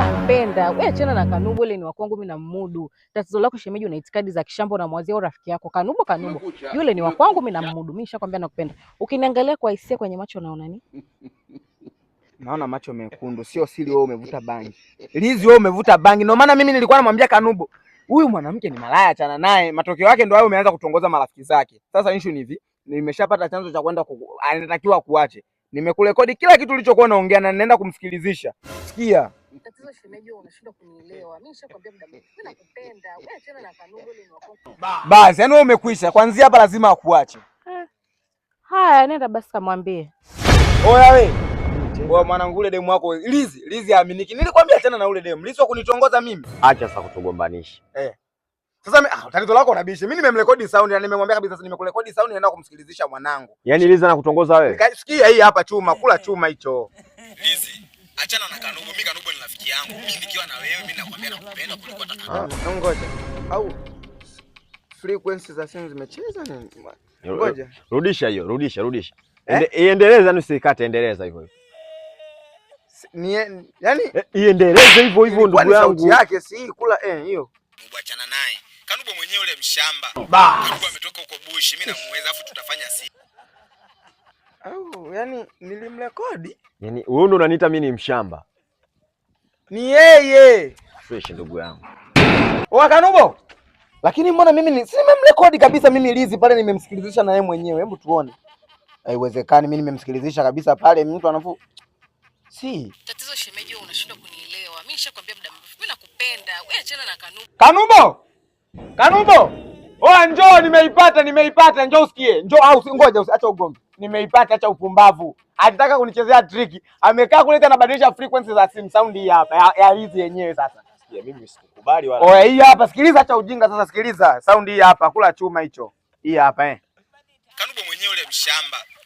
nampenda, wewe, achana na Kanubo, ile ni wa kwangu mimi na mmudu. Tatizo lako shemeji, una itikadi za kishambo na mwazia au rafiki yako Kanubo. Kanubo yule ni wa kwangu mimi na mmudu, mimi nishakwambia nakupenda. Ukiniangalia kwa hisia kwenye macho naona nini? Naona macho mekundu, sio siri. Wewe umevuta bangi, Lizi, wewe umevuta bangi. Ndio maana mimi nilikuwa namwambia Kanubo, huyu mwanamke ni malaya, achana naye. Matokeo yake ndio hayo, umeanza kutongoza marafiki zake. Sasa issue ni hivi, nimeshapata chanzo cha kwenda, anatakiwa kuache. Nimekurekodi kila kitu ulichokuwa unaongea na ninaenda kumsikilizisha. Sikia wewe shemeji, unashindwa kunielewa. Mimi nishakwambia muda mrefu, mimi nakupenda wewe, tena na kanungo ni wako basi. Yani wewe umekwisha, kwanzia hapa lazima akuache. Eh. Haya, nenda basi, kamwambie oya we Oya mwanangu, ule demu wako Lizi, Lizi aaminiki. Nilikwambia tena na ule demu Lizi wakunitongoza mimi. Acha sasa kutugombanisha. Eh. Sasa mimi ah, tatizo lako unabisha. Mimi nimemrekodi sound na yaani nimemwambia kabisa sasa nimekurekodi sound naenda kumsikilizisha mwanangu. Yaani Lizi anakutongoza wewe? Sikia hii hapa chuma, kula chuma hicho. Lizi. Achana na Kanubo, mimi Kanubo ni rafiki yangu. Mimi nikiwa na wewe mimi nakwambia nakupenda kuliko hata ah, Kanubo. Ngoja. Au frequency za simu zimecheza nini? Ngoja. Rudisha hiyo, rudisha, rudisha. Eh? Iendeleza ni sikate, endeleza hivyo hivyo. Ni yani eh, iendeleze hivyo hivyo ndugu yangu. Sauti yake si kula eh hiyo. Achana naye. Kanubo mwenyewe ule mshamba. Kanubo ametoka huko bush, mimi namuweza afu tutafanya si au, yani nilimrekodi. Yani wewe ndo unaniita mimi ni mshamba? Ni yeye. Fresh ndugu yangu. Wakanubo. Lakini mbona mimi ni simemrekodi kabisa mimi Lizi pale nimemsikilizisha na yeye mwenyewe. Hebu tuone. Haiwezekani mimi nimemsikilizisha kabisa pale mtu anafu Si. Tatizo shemeji wewe unashindwa kunielewa. Mimi nishakwambia muda mrefu. Mimi nakupenda. Wewe achana na Kanubo. Kanubo. Kanubo. Oa, njoo nimeipata, nimeipata, njoo usikie. Njoo au ngoja acha ugomvi. Nimeipata, acha upumbavu. Alitaka kunichezea triki. Amekaa kuleta anabadilisha frequency za simu sound hii hapa ya hizi yenyewe sasa. Ya mimi sikukubali wala. Oa, hii hapa sikiliza, acha ujinga sasa sikiliza. Sound hii hapa, kula chuma hicho. Hii hapa eh. Kanubo mwenyewe ule mshamba.